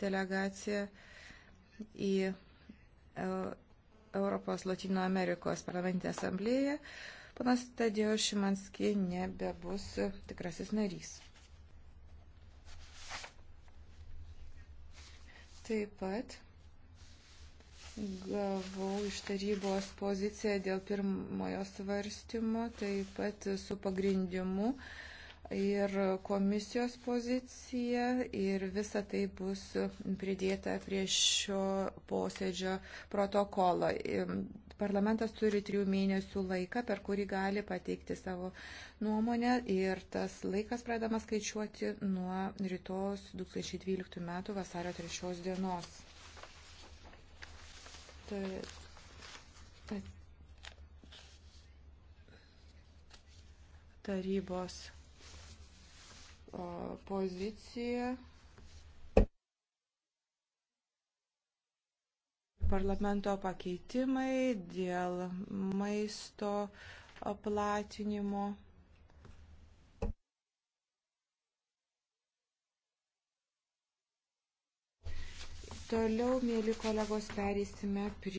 delegacija į e, Europos Latino Amerikos parlamentę asamblėją. Panas Tadėjo Šimanski nebebus tikrasis narys. Taip pat gavau iš tarybos poziciją dėl pirmojo svarstymo, taip pat su pagrindimu uh, ir komisijos pozicija ir visa tai bus pridėta prie šio posėdžio protokolo. Parlamentas turi trijų mėnesių laiką, per kurį gali pateikti savo nuomonę ir tas laikas pradamas skaičiuoti nuo rytojus 2012 m. vasario 3 dienos. Tai, tai, tarybos pozicija. Parlamento pakeitimai dėl maisto platinimo. Toliau, mėly kolegos, perėsime prie.